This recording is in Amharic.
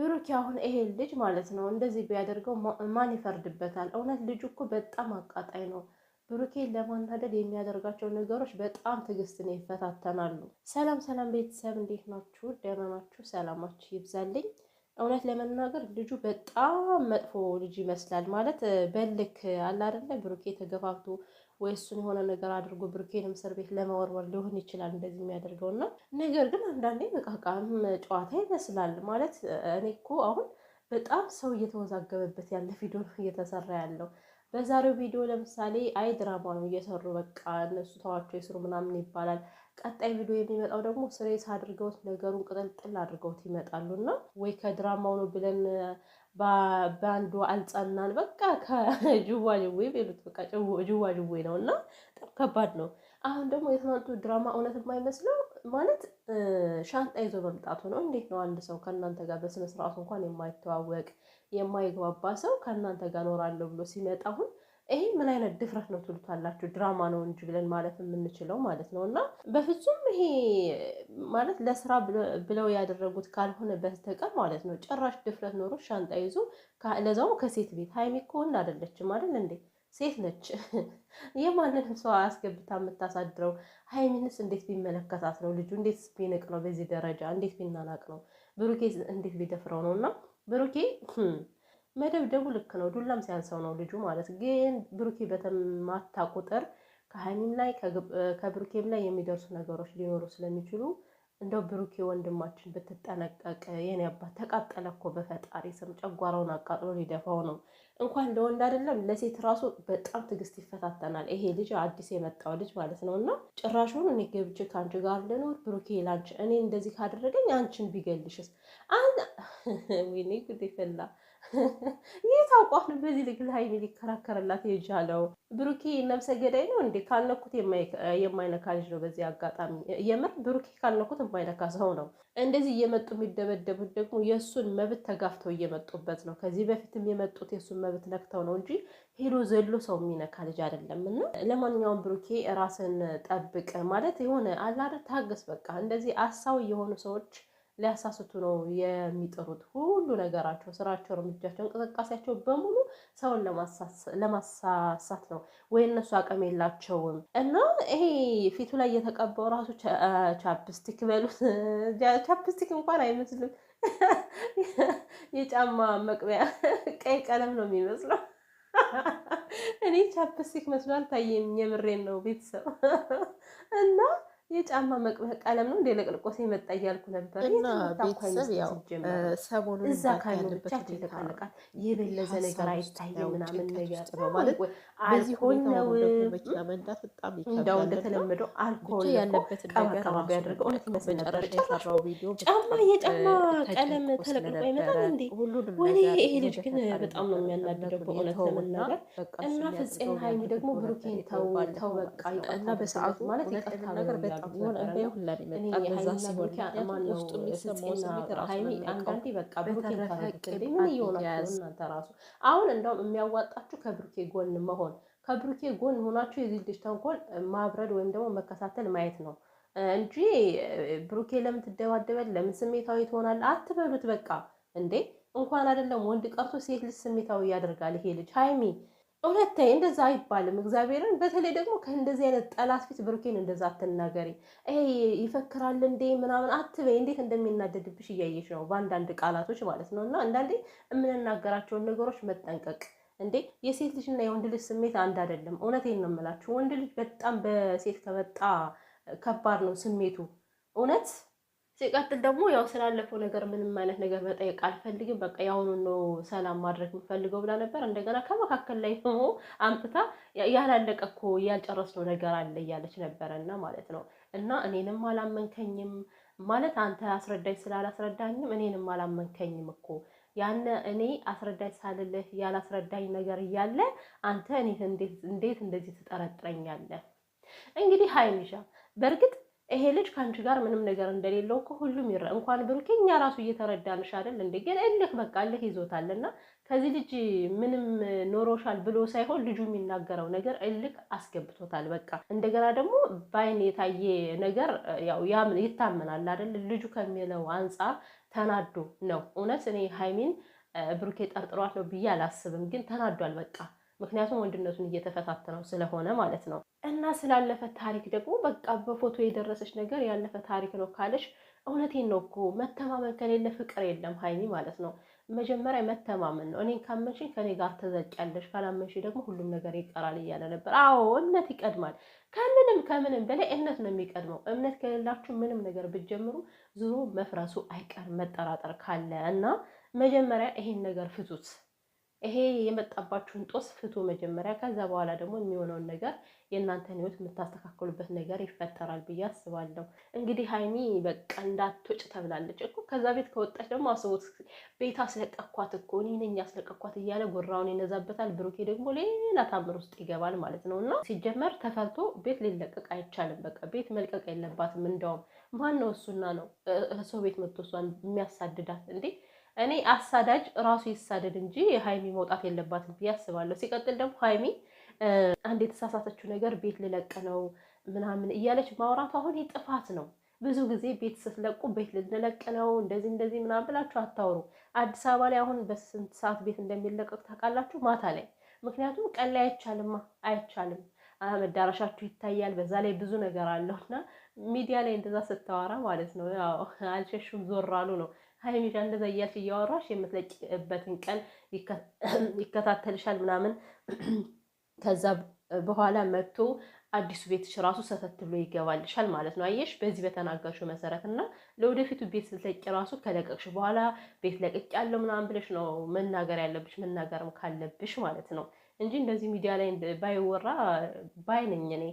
ብሩኬ አሁን ይሄ ልጅ ማለት ነው እንደዚህ ቢያደርገው ማን ይፈርድበታል? እውነት ልጁ እኮ በጣም አቃጣይ ነው። ብሩኬን ለማናደድ የሚያደርጋቸው ነገሮች በጣም ትዕግስትን ይፈታተናሉ። ሰላም ሰላም ቤተሰብ እንዴት ናችሁ? ደህናናችሁ? ሰላማችሁ ይብዛልኝ። እውነት ለመናገር ልጁ በጣም መጥፎ ልጅ ይመስላል። ማለት በልክ አለ አይደለ? ብሩኬ ተገፋፍቶ ወይ እሱን የሆነ ነገር አድርጎ ብሩኬንም እስር ቤት ለመወርወር ሊሆን ይችላል እንደዚህ የሚያደርገው እና ነገር ግን አንዳንዴ መቃቃም ጨዋታ ይመስላል ማለት እኔ እኮ አሁን በጣም ሰው እየተወዛገበበት ያለ ቪዲዮ ነው እየተሰራ ያለው። በዛሬው ቪዲዮ ለምሳሌ አይ ድራማ ነው እየሰሩ በቃ እነሱ ተዋቸው የስሩ ምናምን ይባላል። ቀጣይ ቪዲዮ የሚመጣው ደግሞ ስሬስ አድርገውት ነገሩን ቅጥልጥል አድርገውት ይመጣሉ እና ወይ ከድራማው ነው ብለን በአንዱ አልጸናን በቃ ከጅዋጅዌ ቤሉት በቃ ጅዋጅዌ ነው እና በጣም ከባድ ነው። አሁን ደግሞ የትናንቱ ድራማ እውነት የማይመስለው ማለት ሻንጣ ይዞ መምጣቱ ነው። እንዴት ነው አንድ ሰው ከእናንተ ጋር በስነ ስርዓቱ እንኳን የማይተዋወቅ የማይግባባ ሰው ከእናንተ ጋር ኖራለሁ ብሎ ሲመጣ አሁን ይሄ ምን አይነት ድፍረት ነው ትሉታላችሁ። ድራማ ነው እንጂ ብለን ማለት የምንችለው ማለት ነው። እና በፍጹም ይሄ ማለት ለስራ ብለው ያደረጉት ካልሆነ በስተቀር ማለት ነው ጭራሽ ድፍረት ኖሮ ሻንጣ ይዞ ለዛውም ከሴት ቤት። ሀይሚ እኮ ወንድ አይደለችም አይደል እንዴ? ሴት ነች። የማንንም ሰው አስገብታ የምታሳድረው ሀይሚንስ እንዴት ቢመለከታት ነው? ልጁ እንዴት ቢንቅ ነው? በዚህ ደረጃ እንዴት ቢናናቅ ነው? ብሩኬ እንዴት ቢደፍረው ነው? እና ብሩኬ መደብደቡ ልክ ነው። ዱላም ሲያንሰው ነው ልጁ ማለት ግን ብሩኬ በተማታ ቁጥር ከሀይሚም ላይ ከብሩኬም ላይ የሚደርሱ ነገሮች ሊኖሩ ስለሚችሉ እንደው ብሩኬ ወንድማችን ብትጠነቀቅ። የኔ አባት ተቃጠለ እኮ በፈጣሪ ስም ጨጓራውን አቃጥሎ ሊደፋው ነው። እንኳን ለወንድ አይደለም ለሴት ራሱ በጣም ትዕግስት ይፈታተናል ይሄ ልጅ አዲስ የመጣው ልጅ ማለት ነው። እና ጭራሹን እኔ ገብቼ ከአንቺ ጋር ልኖር ብሩኬ ላንቺ እኔ እንደዚህ ካደረገኝ አንቺን ቢገልሽስ? ወይኔ ጉዴ ፈላ ይህ ታውቋት ነው በዚህ ልጅ ለሀይሚ ሊከራከርላት የቻለው ብሩኬ ነብሰ ገዳይ ነው እንዴ? ካልነኩት የማይነካ ልጅ ነው። በዚህ አጋጣሚ የምር ብሩኬ ካልነኩት የማይነካ ሰው ነው። እንደዚህ እየመጡ የሚደበደቡት ደግሞ የእሱን መብት ተጋፍተው እየመጡበት ነው። ከዚህ በፊትም የመጡት የእሱን መብት ነክተው ነው እንጂ ሄዶ ዘሎ ሰው የሚነካ ልጅ አይደለም። እና ለማንኛውም ብሩኬ ራስን ጠብቅ ማለት የሆነ አላደ ታገስ። በቃ እንደዚህ አሳው የሆኑ ሰዎች ሊያሳስቱ ነው የሚጥሩት። ሁሉ ነገራቸው፣ ስራቸው፣ እርምጃቸው፣ እንቅስቃሴያቸው በሙሉ ሰውን ለማሳሳት ነው። ወይ እነሱ አቅም የላቸውም እና ይሄ ፊቱ ላይ የተቀባው ራሱ ቻፕስቲክ በሉት ቻፕስቲክ እንኳን አይመስልም። የጫማ መቅቢያ ቀይ ቀለም ነው የሚመስለው። እኔ ቻፕስቲክ መስሏል ታየኝ። የምሬን ነው ቤተሰብ እና የጫማ መቅበህ ቀለም ነው እንደ ለቅልቆሴ የመጣ እያልኩ ነበር። ሰሞኑን እዛ ካሉ ብቻ ትልቃለቃል የበለዘ ነገር አይታየ ምናምን ነገር አልኮል ነው። እንዳው እንደተለመደው አልኮል ያለበት ቀባቀባ ቢያደርገው እውነት ይመስል ነበር። ጫማ የጫማ ቀለም ተለቅልቆ ይመጣል እንዴ! ወይ ይሄ ልጅ ግን በጣም ነው የሚያናደደው በእውነት ለመናገር እና ፍጼና ሀይሚ ደግሞ ብሩኬን ተው ተው በቃ በሰዓቱ ማለት ይቀታል ነገር አጋጥሞን እንደ ሁላን የመጣ ሲሆን ውስጡ እናንተ ራሱ አሁን እንደውም የሚያዋጣችሁ ከብሩኬ ጎን መሆን ከብሩኬ ጎን ሆናችሁ የዚህ ልጅ ተንኮል ማብረድ ወይም ደግሞ መከታተል ማየት ነው እንጂ ብሩኬ ለምን ትደባደበል? ለምን ስሜታዊ ትሆናል? አትበሉት። በቃ እንዴ እንኳን አይደለም ወንድ ቀርቶ ሴት ልጅ ስሜታዊ ያደርጋል ይሄ ልጅ ሀይሚ እውነት እንደዛ አይባልም። እግዚአብሔርን በተለይ ደግሞ ከእንደዚህ አይነት ጠላት ፊት ብሩኬን እንደዛ አትናገሪ። ይሄ ይፈክራል እንዴ ምናምን አትበይ። እንዴት እንደሚናደድብሽ እያየሽ ነው፣ በአንዳንድ ቃላቶች ማለት ነው። እና አንዳንዴ የምንናገራቸውን ነገሮች መጠንቀቅ እንዴ የሴት ልጅ እና የወንድ ልጅ ስሜት አንድ አይደለም። እውነቴን ነው የምላችሁ፣ ወንድ ልጅ በጣም በሴት ከመጣ ከባድ ነው ስሜቱ እውነት ሲቀጥል ደግሞ ያው ስላለፈው ነገር ምንም አይነት ነገር መጠየቅ አልፈልግም፣ በቃ ያሁኑ ነው ሰላም ማድረግ የምፈልገው ብላ ነበር። እንደገና ከመካከል ላይ ደግሞ አምጥታ ያላለቀ እኮ ያልጨረስነው ነገር አለ እያለች ነበረ እና ማለት ነው እና እኔንም አላመንከኝም ማለት አንተ አስረዳኝ ስላላስረዳኝም እኔንም አላመንከኝም እኮ ያነ እኔ አስረዳኝ ሳልልህ ያላስረዳኝ ነገር እያለ አንተ እኔ እንዴት እንደዚህ ትጠረጥረኛለህ? እንግዲህ ሀይሚሻ በእርግጥ ይሄ ልጅ ከአንቺ ጋር ምንም ነገር እንደሌለው እኮ ሁሉም ይረ እንኳን ብሩኬ እኛ ራሱ እየተረዳንሽ አይደል እንዴ? ግን እልህ በቃ እልህ ይዞታልና ከዚህ ልጅ ምንም ኖሮሻል ብሎ ሳይሆን ልጁ የሚናገረው ነገር እልክ አስገብቶታል። በቃ እንደገና ደግሞ በአይን የታየ ነገር ያው ይታመናል አይደል? ልጁ ከሚለው አንጻር ተናዶ ነው። እውነት እኔ ሀይሚን ብሩኬ ጠርጥሯት ነው ብዬ አላስብም፣ ግን ተናዷል በቃ ምክንያቱም ወንድነቱን እየተፈታተነው ስለሆነ ማለት ነው። እና ስላለፈ ታሪክ ደግሞ በቃ በፎቶ የደረሰች ነገር ያለፈ ታሪክ ነው ካለች እውነቴን ነው እኮ መተማመን ከሌለ ፍቅር የለም ሀይሚ ማለት ነው። መጀመሪያ መተማመን ነው። እኔን ካመንሽኝ ከኔ ጋር ተዘቂያለሽ፣ ካላመንሽኝ ደግሞ ሁሉም ነገር ይቀራል እያለ ነበር። አዎ እምነት ይቀድማል። ከምንም ከምንም በላይ እምነት ነው የሚቀድመው። እምነት ከሌላችሁ ምንም ነገር ብትጀምሩ ዞሮ መፍረሱ አይቀርም መጠራጠር ካለ እና መጀመሪያ ይሄን ነገር ፍቱት። ይሄ የመጣባችሁን ጦስ ፍቱ መጀመሪያ። ከዛ በኋላ ደግሞ የሚሆነውን ነገር የእናንተን ህይወት የምታስተካክሉበት ነገር ይፈጠራል ብዬ አስባለሁ። እንግዲህ ሀይሚ በቃ እንዳትወጭ ተብላለች እኮ። ከዛ ቤት ከወጣች ደግሞ አስቦት ቤት አስለቀኳት እኮ እኔ ነኝ አስለቀኳት እያለ ጎራውን ይነዛበታል። ብሩኬ ደግሞ ሌላ ታምር ውስጥ ይገባል ማለት ነው። እና ሲጀመር ተፈርቶ ቤት ሊለቀቅ አይቻልም። በቃ ቤት መልቀቅ የለባትም። እንደውም ማን ነው እሱና ነው ሰው ቤት መጥቶ እሷን የሚያሳድዳት እንዴ? እኔ አሳዳጅ ራሱ ይሳደድ እንጂ ሀይሚ መውጣት የለባትም ብዬ አስባለሁ። ሲቀጥል ደግሞ ሀይሚ አንድ የተሳሳተችው ነገር ቤት ልለቅ ነው ምናምን እያለች ማውራቱ አሁን ይህ ጥፋት ነው። ብዙ ጊዜ ቤት ስትለቁ ቤት ልንለቅ ነው እንደዚህ እንደዚህ ምናምን ብላችሁ አታውሩ። አዲስ አበባ ላይ አሁን በስንት ሰዓት ቤት እንደሚለቀቅ ታውቃላችሁ? ማታ ላይ። ምክንያቱም ቀን ላይ አይቻልማ፣ አይቻልም። መዳረሻችሁ ይታያል። በዛ ላይ ብዙ ነገር አለው እና ሚዲያ ላይ እንደዛ ስታወራ ማለት ነው ያው አልሸሹም ዞር አሉ ነው ሀይሚሻ እንደዛ እያልሽ እያወራሽ የምትለጭበትን ቀን ይከታተልሻል ምናምን። ከዛ በኋላ መጥቶ አዲሱ ቤትሽ ራሱ ሰተት ብሎ ይገባልሻል ማለት ነው። አየሽ በዚህ በተናገርሽው መሰረት እና ለወደፊቱ ቤት ስትለቂ ራሱ ከለቀቅሽ በኋላ ቤት ለቅቅ ያለው ምናምን ብለሽ ነው መናገር ያለብሽ መናገርም ካለብሽ ማለት ነው እንጂ እንደዚህ ሚዲያ ላይ ባይወራ ባይነኝ እኔ